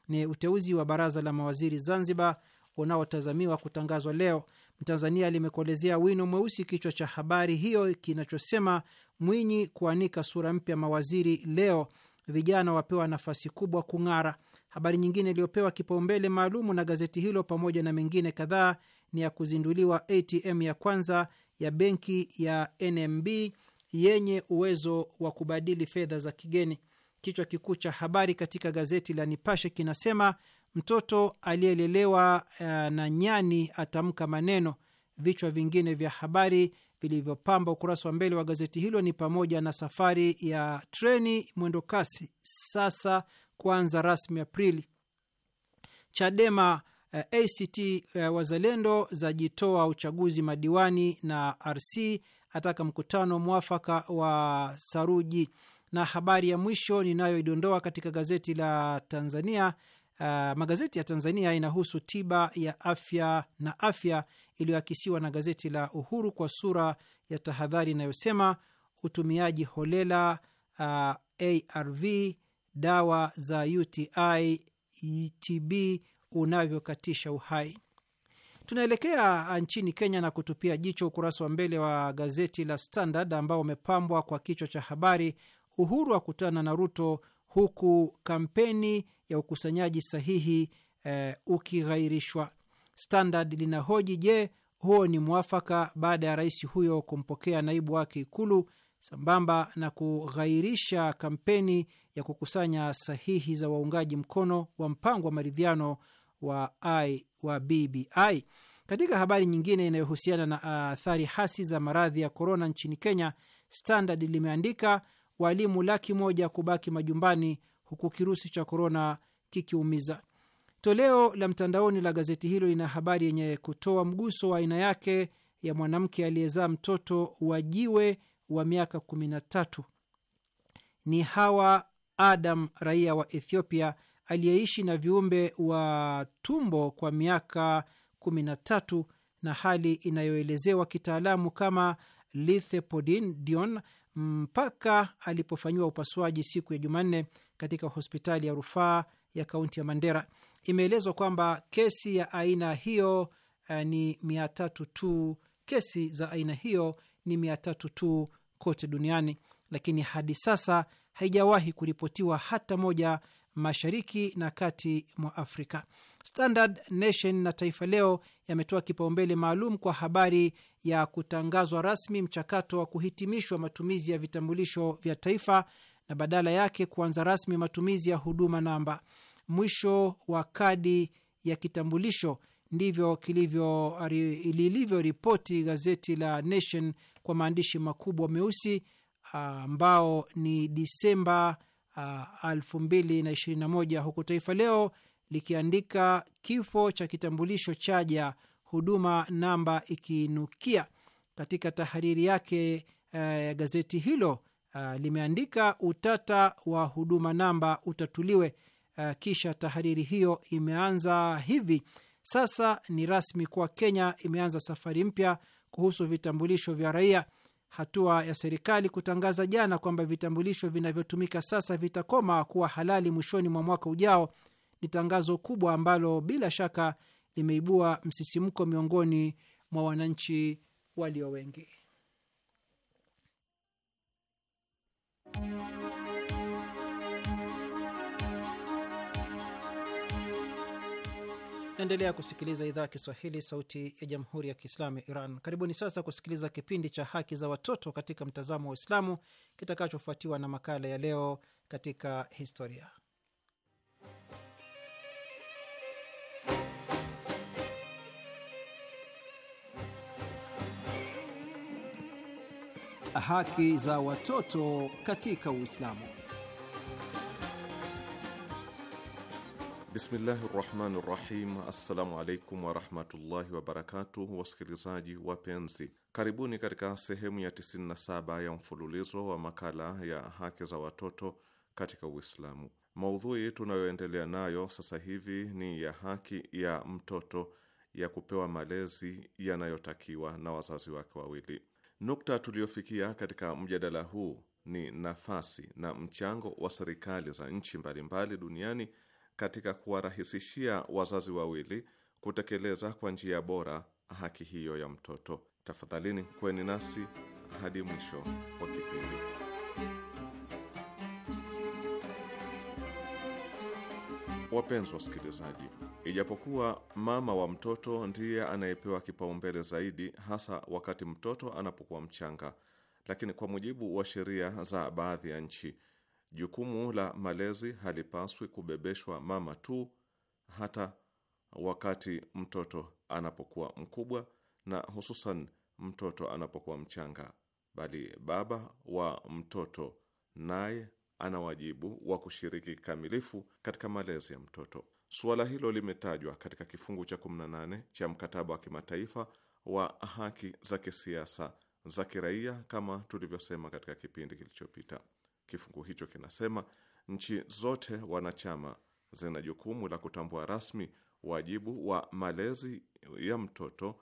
ni uteuzi wa baraza la mawaziri Zanzibar unaotazamiwa kutangazwa leo. Mtanzania limekolezea wino mweusi kichwa cha habari hiyo kinachosema Mwinyi kuanika sura mpya mawaziri leo, vijana wapewa nafasi kubwa kung'ara. Habari nyingine iliyopewa kipaumbele maalumu na gazeti hilo pamoja na mengine kadhaa ni ya kuzinduliwa ATM ya kwanza ya benki ya NMB yenye uwezo wa kubadili fedha za kigeni. Kichwa kikuu cha habari katika gazeti la Nipashe kinasema mtoto aliyelelewa uh, na nyani atamka maneno. Vichwa vingine vya habari vilivyopamba ukurasa wa mbele wa gazeti hilo ni pamoja na safari ya treni mwendokasi sasa kuanza rasmi Aprili, Chadema uh, eh, ACT uh, eh, Wazalendo zajitoa uchaguzi madiwani na RC ataka mkutano mwafaka wa saruji. Na habari ya mwisho ninayoidondoa katika gazeti la Tanzania uh, magazeti ya Tanzania inahusu tiba ya afya na afya iliyoakisiwa na gazeti la Uhuru kwa sura ya tahadhari inayosema utumiaji holela uh, ARV dawa za UTI, e TB unavyokatisha uhai. Tunaelekea nchini Kenya na kutupia jicho ukurasa wa mbele wa gazeti la Standard ambao umepambwa kwa kichwa cha habari, Uhuru wa kutana na Ruto huku kampeni ya ukusanyaji sahihi eh, ukighairishwa. Standard linahoji, je, huo ni mwafaka baada ya rais huyo kumpokea naibu wake Ikulu sambamba na kughairisha kampeni ya kukusanya sahihi za waungaji mkono wa mpango wa maridhiano wa, I, wa BBI. Katika habari nyingine inayohusiana na uh, athari hasi za maradhi ya korona nchini Kenya, Standard limeandika walimu laki moja kubaki majumbani huku kirusi cha korona kikiumiza. Toleo la mtandaoni la gazeti hilo lina habari yenye kutoa mguso wa aina yake ya mwanamke aliyezaa mtoto wa jiwe wa miaka tatu Ni Hawa Adam, raia wa Ethiopia, aliyeishi na viumbe wa tumbo kwa miaka 13 na hali inayoelezewa kitaalamu kama lithepodidion mpaka alipofanyiwa upasuaji siku ya Jumanne katika hospitali ya rufaa ya kaunti ya Mandera. Imeelezwa kwamba kesi ya aina hiyo eh, ni mia tatu tu, kesi za aina hiyo ni mia tatu tu kote duniani, lakini hadi sasa haijawahi kuripotiwa hata moja mashariki na kati mwa Afrika. Standard, Nation na Taifa Leo yametoa kipaumbele maalum kwa habari ya kutangazwa rasmi mchakato wa kuhitimishwa matumizi ya vitambulisho vya taifa na badala yake kuanza rasmi matumizi ya huduma namba. Mwisho wa kadi ya kitambulisho ndivyo lilivyoripoti gazeti la Nation kwa maandishi makubwa meusi ah, ambao ni Disemba 2021 huku Taifa Leo likiandika kifo cha kitambulisho chaja, huduma namba ikinukia Katika tahariri yake uh, gazeti hilo uh, limeandika utata wa huduma namba utatuliwe. Uh, kisha tahariri hiyo imeanza hivi: sasa ni rasmi kuwa Kenya imeanza safari mpya kuhusu vitambulisho vya raia hatua ya serikali kutangaza jana kwamba vitambulisho vinavyotumika sasa vitakoma kuwa halali mwishoni mwa mwaka ujao ni tangazo kubwa ambalo bila shaka limeibua msisimko miongoni mwa wananchi walio wengi. Naendelea kusikiliza idhaa ya Kiswahili, sauti ya jamhuri ya kiislamu ya Iran. Karibuni sasa kusikiliza kipindi cha haki za watoto katika mtazamo wa Uislamu kitakachofuatiwa na makala ya leo katika historia. Haki za watoto katika Uislamu. Bismillahi rahmani rahim. Assalamu alaikum warahmatullahi wabarakatu Wasikilizaji wapenzi, karibuni katika sehemu ya 97 ya mfululizo wa makala ya haki za watoto katika Uislamu. Maudhui tunayoendelea nayo sasa hivi ni ya haki ya mtoto ya kupewa malezi yanayotakiwa na wazazi wake wawili. Nukta tuliyofikia katika mjadala huu ni nafasi na mchango wa serikali za nchi mbalimbali duniani katika kuwarahisishia wazazi wawili kutekeleza kwa njia bora haki hiyo ya mtoto. Tafadhalini kweni nasi hadi mwisho wa kipindi. Wapenzi wasikilizaji, ijapokuwa mama wa mtoto ndiye anayepewa kipaumbele zaidi, hasa wakati mtoto anapokuwa mchanga, lakini kwa mujibu wa sheria za baadhi ya nchi Jukumu la malezi halipaswi kubebeshwa mama tu, hata wakati mtoto anapokuwa mkubwa na hususan mtoto anapokuwa mchanga, bali baba wa mtoto naye ana wajibu wa kushiriki kikamilifu katika malezi ya mtoto. Suala hilo limetajwa katika kifungu cha 18 cha mkataba wa kimataifa wa haki za kisiasa za kiraia, kama tulivyosema katika kipindi kilichopita. Kifungu hicho kinasema nchi zote wanachama zina jukumu la kutambua rasmi wajibu wa malezi ya mtoto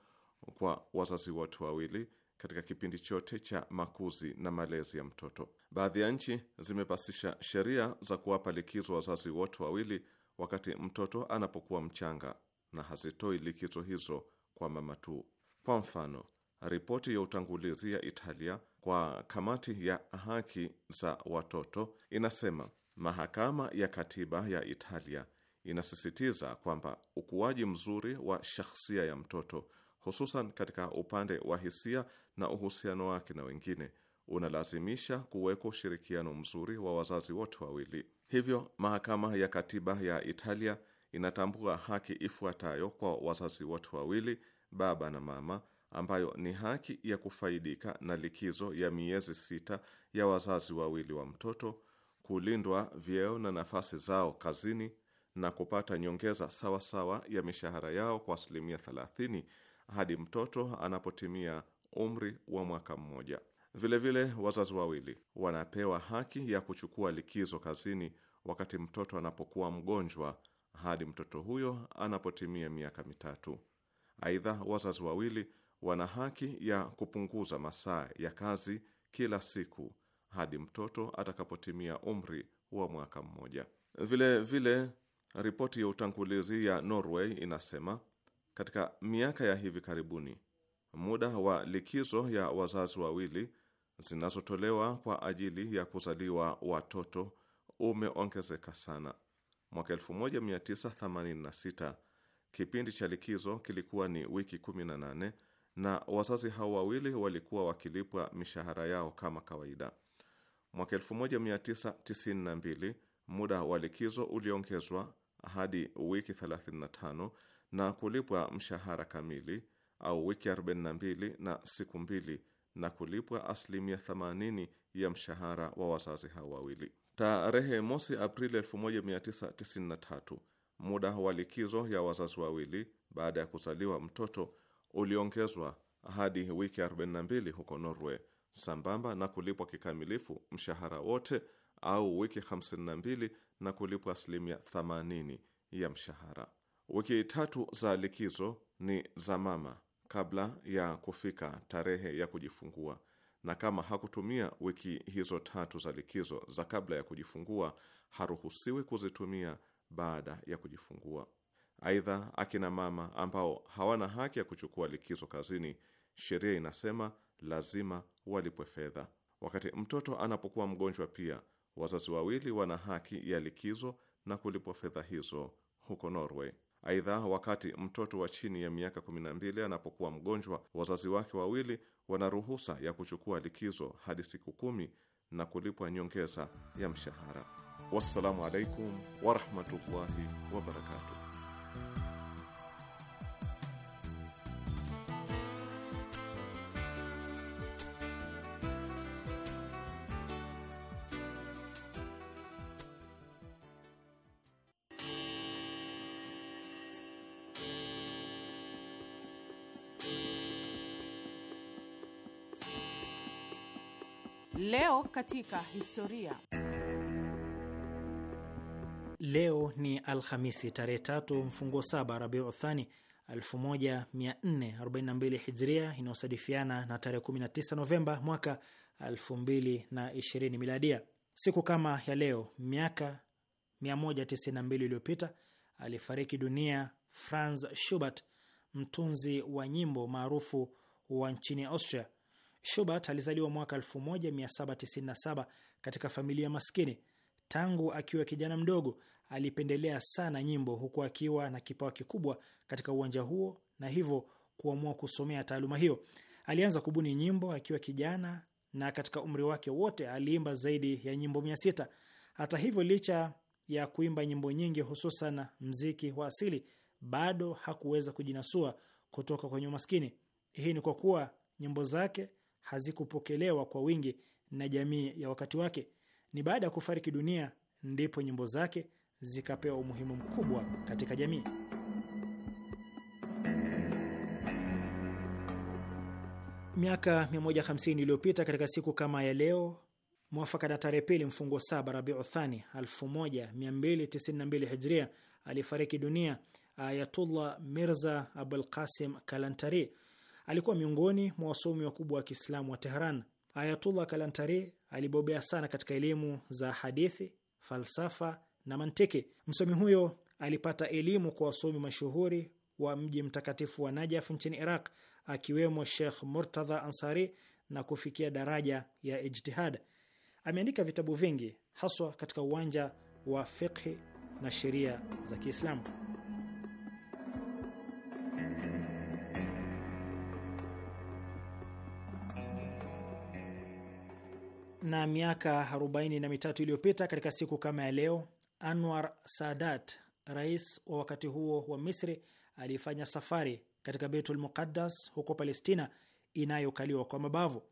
kwa wazazi wote wawili katika kipindi chote cha makuzi na malezi ya mtoto. Baadhi ya nchi zimepasisha sheria za kuwapa likizo wazazi wote wawili wakati mtoto anapokuwa mchanga na hazitoi likizo hizo kwa mama tu. Kwa mfano, ripoti ya utangulizi ya Italia kwa kamati ya haki za watoto inasema mahakama ya katiba ya Italia inasisitiza kwamba ukuaji mzuri wa shakhsia ya mtoto hususan katika upande wa hisia na uhusiano wake na wengine unalazimisha kuwekwa ushirikiano mzuri wa wazazi wote wawili. Hivyo, mahakama ya katiba ya Italia inatambua haki ifuatayo kwa wazazi wote wawili, baba na mama, ambayo ni haki ya kufaidika na likizo ya miezi sita ya wazazi wawili wa mtoto, kulindwa vyeo na nafasi zao kazini na kupata nyongeza sawa sawa ya mishahara yao kwa asilimia 30 hadi mtoto anapotimia umri wa mwaka mmoja. Vilevile vile, wazazi wawili wanapewa haki ya kuchukua likizo kazini wakati mtoto anapokuwa mgonjwa hadi mtoto huyo anapotimia miaka mitatu. Aidha, wazazi wawili wana haki ya kupunguza masaa ya kazi kila siku hadi mtoto atakapotimia umri wa mwaka mmoja. Vile vile ripoti ya utangulizi ya Norway inasema katika miaka ya hivi karibuni muda wa likizo ya wazazi wawili zinazotolewa kwa ajili ya kuzaliwa watoto umeongezeka sana. Mwaka 1986 kipindi cha likizo kilikuwa ni wiki 18 na wazazi hao wawili walikuwa wakilipwa mishahara yao kama kawaida. Mwaka 1992 muda wa likizo uliongezwa hadi wiki 35 na kulipwa mshahara kamili au wiki 42 na siku mbili na kulipwa asilimia 80 ya mshahara wa wazazi hao wawili. Tarehe mosi Aprili 1993 muda wa likizo ya wazazi wawili baada ya kuzaliwa mtoto uliongezwa hadi wiki 42 huko Norway, sambamba na kulipwa kikamilifu mshahara wote au wiki 52 na kulipwa asilimia 80 ya mshahara. Wiki tatu za likizo ni za mama kabla ya kufika tarehe ya kujifungua, na kama hakutumia wiki hizo tatu za likizo za kabla ya kujifungua, haruhusiwi kuzitumia baada ya kujifungua. Aidha, akina mama ambao hawana haki ya kuchukua likizo kazini, sheria inasema lazima walipwe fedha. Wakati mtoto anapokuwa mgonjwa, pia wazazi wawili wana haki ya likizo na kulipwa fedha hizo huko Norway. Aidha, wakati mtoto wa chini ya miaka 12 anapokuwa mgonjwa, wazazi wake wawili wana ruhusa ya kuchukua likizo hadi siku kumi na kulipwa nyongeza ya mshahara. Wassalamu alaikum warahmatullahi wabarakatuh. katika historia. Leo ni Alhamisi tarehe tatu mfungo saba Rabiu Thani 1442 Hijria, inayosadifiana na tarehe 19 Novemba mwaka 2020 Miladia. Siku kama ya leo miaka 192 iliyopita alifariki dunia Franz Schubert, mtunzi wa nyimbo maarufu wa nchini Austria. Shubert alizaliwa mwaka 1797 katika familia maskini. Tangu akiwa kijana mdogo alipendelea sana nyimbo, huku akiwa na kipawa kikubwa katika uwanja huo na hivyo kuamua kusomea taaluma hiyo. Alianza kubuni nyimbo akiwa kijana na katika umri wake wote aliimba zaidi ya nyimbo mia sita. Hata hivyo, licha ya kuimba nyimbo nyingi, hususan mziki wa asili, bado hakuweza kujinasua kutoka kwenye umaskini. Hii ni kwa kuwa nyimbo zake hazikupokelewa kwa wingi na jamii ya wakati wake. Ni baada ya kufariki dunia ndipo nyimbo zake zikapewa umuhimu mkubwa katika jamii. Miaka 150 iliyopita katika siku kama ya leo, mwafaka na tarehe pili mfungo saba Rabiu Thani 1292 Hijria, alifariki dunia Ayatullah Mirza Abul Qasim Kalantari, alikuwa miongoni mwa wasomi wakubwa wa Kiislamu wa Tehran. Ayatullah Kalantari alibobea sana katika elimu za hadithi, falsafa na mantiki. Msomi huyo alipata elimu kwa wasomi mashuhuri wa mji mtakatifu wa Najaf nchini Iraq, akiwemo Shekh Murtadha Ansari na kufikia daraja ya ijtihad. Ameandika vitabu vingi haswa katika uwanja wa fiqhi na sheria za Kiislamu. na miaka 43 iliyopita katika siku kama ya leo, Anwar Sadat, rais wa wakati huo wa Misri, alifanya safari katika Beitul Muqaddas huko Palestina inayokaliwa kwa mabavu.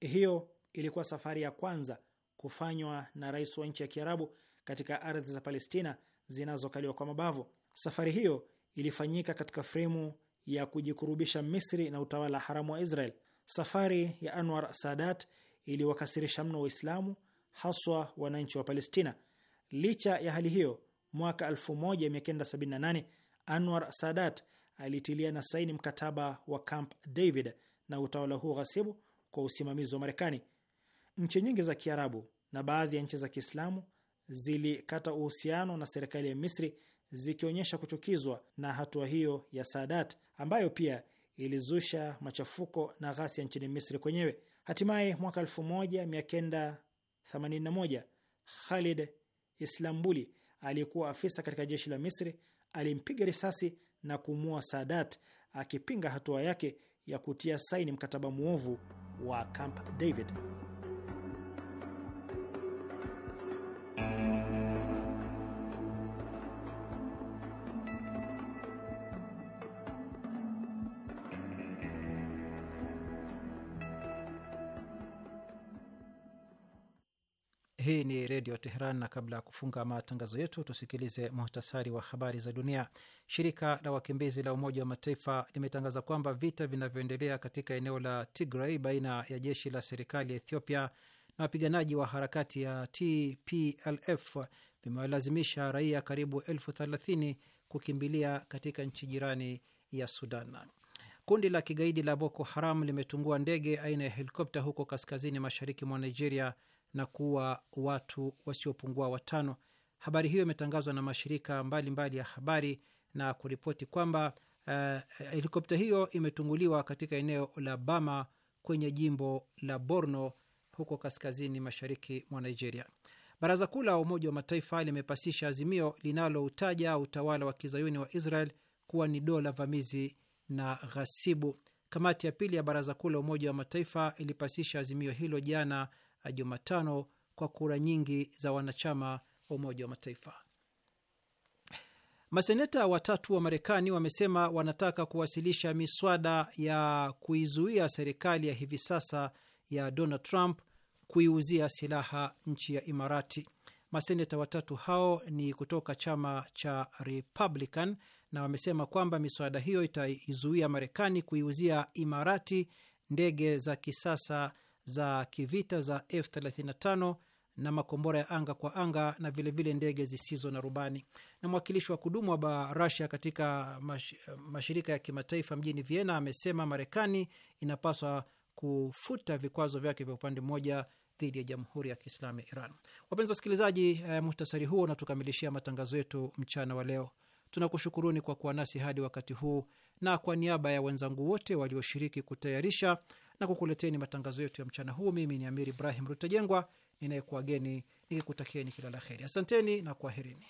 Hiyo ilikuwa safari ya kwanza kufanywa na rais wa nchi ya Kiarabu katika ardhi za Palestina zinazokaliwa kwa mabavu. Safari hiyo ilifanyika katika fremu ya kujikurubisha Misri na utawala haramu wa Israel. Safari ya Anwar Sadat iliwakasirisha mno Waislamu, haswa wananchi wa Palestina. Licha ya hali hiyo, mwaka 1978 Anwar Sadat alitilia na saini mkataba wa Camp David na utawala huo ghasibu kwa usimamizi wa Marekani. Nchi nyingi za Kiarabu na baadhi ya nchi za Kiislamu zilikata uhusiano na serikali ya Misri zikionyesha kuchukizwa na hatua hiyo ya Sadat ambayo pia ilizusha machafuko na ghasia nchini Misri kwenyewe. Hatimaye mwaka 1981 Khalid Islambuli aliyekuwa afisa katika jeshi la Misri alimpiga risasi na kumua Sadat akipinga hatua yake ya kutia saini mkataba mwovu wa Camp David. Redio Teheran, na kabla ya kufunga matangazo yetu tusikilize muhtasari wa habari za dunia. Shirika la wakimbizi la Umoja wa Mataifa limetangaza kwamba vita vinavyoendelea katika eneo la Tigray baina ya jeshi la serikali ya Ethiopia na wapiganaji wa harakati ya TPLF vimewalazimisha raia karibu elfu thelathini kukimbilia katika nchi jirani ya Sudan. Kundi la kigaidi la Boko Haram limetungua ndege aina ya helikopta huko kaskazini mashariki mwa Nigeria na kuwa watu wasiopungua watano. Habari hiyo imetangazwa na mashirika mbalimbali mbali ya habari na kuripoti kwamba eh, helikopta hiyo imetunguliwa katika eneo la Bama kwenye jimbo la Borno huko kaskazini mashariki mwa Nigeria. Baraza Kuu la Umoja wa Mataifa limepasisha azimio linaloutaja utawala wa kizayuni wa Israel kuwa ni dola vamizi na ghasibu. Kamati ya pili ya Baraza Kuu la Umoja wa Mataifa ilipasisha azimio hilo jana Jumatano kwa kura nyingi za wanachama wa Umoja wa Mataifa. Maseneta watatu wa Marekani wamesema wanataka kuwasilisha miswada ya kuizuia serikali ya hivi sasa ya Donald Trump kuiuzia silaha nchi ya Imarati. Maseneta watatu hao ni kutoka chama cha Republican na wamesema kwamba miswada hiyo itaizuia Marekani kuiuzia Imarati ndege za kisasa za kivita za F35 na makombora ya anga kwa anga na vilevile ndege zisizo na rubani. Na mwakilishi wa kudumu wa Rasia katika mash, mashirika ya kimataifa mjini Vienna amesema Marekani inapaswa kufuta vikwazo vyake vya upande mmoja dhidi ya Jamhuri ya Kiislamu ya Iran. Wapenzi wasikilizaji, eh, muhtasari huo unatukamilishia matangazo yetu mchana wa leo. Tunakushukuruni kwa kuwa nasi hadi wakati huu, na kwa niaba ya wenzangu wote walioshiriki kutayarisha na kukuleteni matangazo yetu ya mchana huu. Mimi ni Amir Ibrahim Rutajengwa geni nikikutakieni kila la heri. Asanteni na kwaherini.